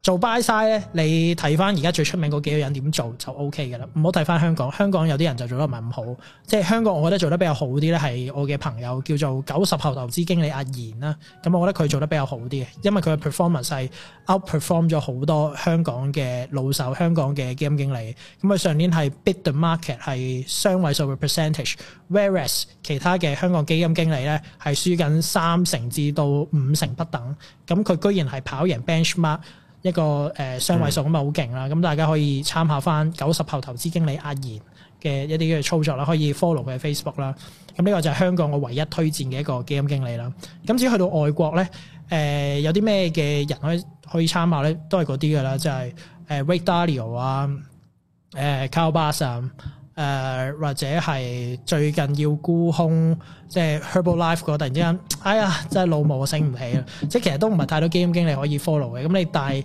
做 buy side 咧，你睇翻而家最出名嗰幾個人點做就 O K 嘅啦。唔好睇翻香港，香港有啲人就做得唔係咁好。即係香港，我覺得做得比較好啲咧，係我嘅朋友叫做九十後投資經理阿賢啦。咁我覺得佢做得比較好啲嘅，因為佢嘅 performance 係 outperform 咗好多香港嘅老手、香港嘅基金經理。咁佢上年係 beat the market 係雙位數 percentage，whereas 其他嘅香港基金經理咧，係輸緊三成至到五成不等。咁佢居然係跑贏 benchmark。一個誒雙位數咁啊，好勁啦！咁大家可以參考翻九十後投資經理阿賢嘅一啲嘅操作啦，可以 follow 佢 Facebook 啦。咁呢個就係香港我唯一推薦嘅一個基金經理啦。咁至於去到外國咧，誒、呃、有啲咩嘅人可以可以參考咧，都係嗰啲㗎啦，就係、是、誒 Ray Dalio 啊，誒 Kyle Bass 啊。誒、呃、或者係最近要沽空，即係 Herbalife 嗰個突然之間，哎呀，真係老母醒唔起啦！即係其實都唔係太多基金經理可以 follow 嘅，咁你但係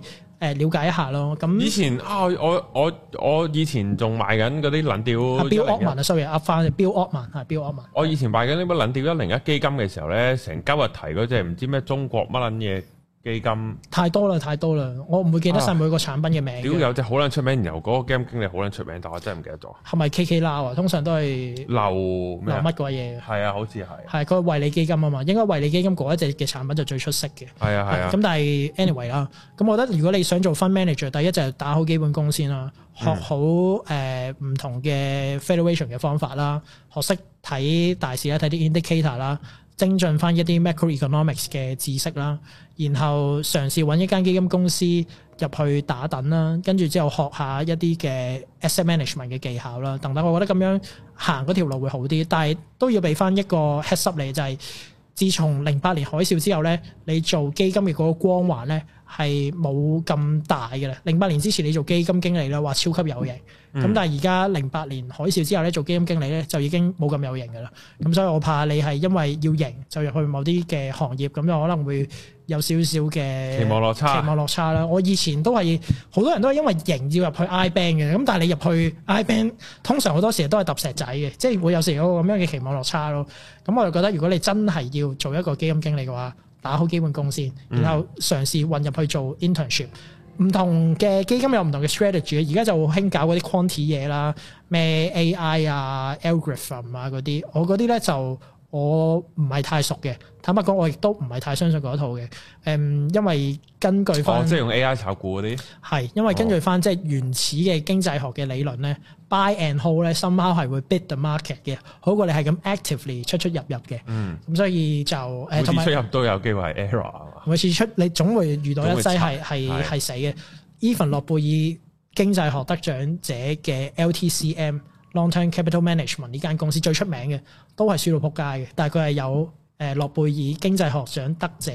誒了解一下咯。咁以前啊，我我我以前仲賣緊嗰啲冷調，Bill Ackman 啊，收嘢翻 Bill Ackman 係 Bill Ackman 我以前賣緊呢啲冷調一零一基金嘅時候咧，成今日提嗰隻唔知咩中國乜撚嘢。基金太多啦，太多啦，我唔會記得晒每個產品嘅名，啊。如果有隻好捻出名，然後嗰個 game 經理好捻出名，但我真係唔記得咗。係咪 KK 撈啊？通常都係撈撈乜鬼嘢。係啊，好似係。係佢惠理基金啊嘛，應該惠理基金嗰一隻嘅產品就最出色嘅。係啊係啊。咁、啊啊、但係 anyway 啦，咁我覺得如果你想做 fund manager，第一就係打好基本功先啦，學好誒唔、嗯呃、同嘅 valuation 嘅方法啦，學識睇大市，啦，睇啲 indicator 啦。精進翻一啲 macroeconomics 嘅知識啦，然後嘗試揾一間基金公司入去打等啦，跟住之後學下一啲嘅 asset management 嘅技巧啦等等，我覺得咁樣行嗰條路會好啲，但係都要俾翻一個 heads up 你就係、是。自從零八年海嘯之後呢，你做基金嘅嗰個光環呢係冇咁大嘅啦。零八年之前你做基金經理咧，話超級有型，咁、嗯、但係而家零八年海嘯之後呢，做基金經理呢就已經冇咁有型嘅啦。咁所以我怕你係因為要贏就入去某啲嘅行業，咁樣可能會。有少少嘅期望落差，期望落差啦。我以前都係，好多人都係因為型要入去 I-Bank 嘅，咁但係你入去 I-Bank 通常好多時都係揼石仔嘅，即係會有時有個咁樣嘅期望落差咯。咁我就覺得如果你真係要做一個基金經理嘅話，打好基本功先，然後嘗試混入去做 internship。唔、嗯、同嘅基金有唔同嘅 strategy，而家就興搞嗰啲 quant 嘢啦，咩 AI 啊、algorithm 啊嗰啲，我嗰啲咧就。我唔係太熟嘅，坦白講，我亦都唔係太相信嗰套嘅。誒，因為根據翻、哦，即係用 AI 炒股嗰啲，係因為根據翻即係原始嘅經濟學嘅理論咧，buy、哦、and hold 咧，somehow 係會 beat the market 嘅，好過你係咁 actively 出出入入嘅。嗯，咁所以就誒，每次出入都有機會係 error。每次出你總會遇到一隻係係係死嘅。Even 的諾貝爾經濟學得獎者嘅 LTCM。Long term capital management 呢間公司最出名嘅都係輸到仆街嘅，但係佢係有誒、呃、諾貝爾經濟學獎得者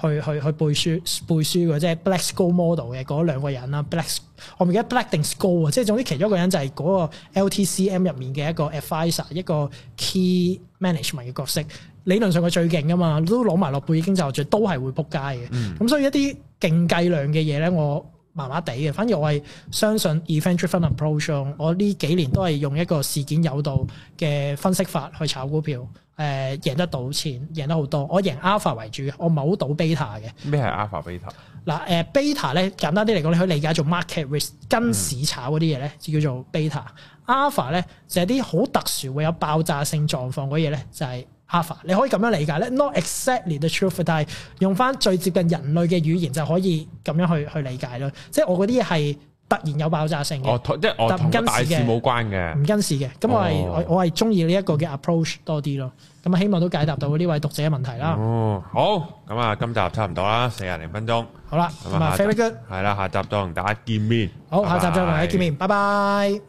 去去去背書背書嘅，即係 Black Scholes model 嘅嗰兩個人啦。Black 我唔記得 Black 定 Scholes 啊，即係總之其中一個人就係嗰個 LTCM 入面嘅一個 adviser 一個 key management 嘅角色，理論上佢最勁噶嘛，都攞埋諾貝爾經濟學獎，都係會仆街嘅。咁、嗯、所以一啲勁計量嘅嘢咧，我。麻麻地嘅，反而我係相信 event-driven approach。我呢幾年都係用一個事件有道嘅分析法去炒股票，誒、呃，贏得到錢，贏得好多。我贏 alpha 為主嘅，我唔係好賭 beta 嘅。咩係 alpha beta？嗱，誒，beta 咧，簡單啲嚟講，你可以理解做 market risk，跟市炒嗰啲嘢咧，就叫做 beta。嗯、alpha 咧，就係啲好特殊會有爆炸性狀況嗰嘢咧，就係、是。Alpha，你可以咁樣理解咧，not exactly the truth，但係用翻最接近人類嘅語言就可以咁樣去去理解咯。即係我嗰啲嘢係突然有爆炸性嘅，同大事冇關嘅，唔跟事嘅。咁我係我我係中意呢一個嘅 approach 多啲咯。咁啊，希望都解答到呢位讀者嘅問題啦。哦，好，咁啊，今集差唔多啦，四廿零分鐘。好啦，咁啊，very good。係啦，下集再同大家見面。好，下集再同大家見面，拜拜。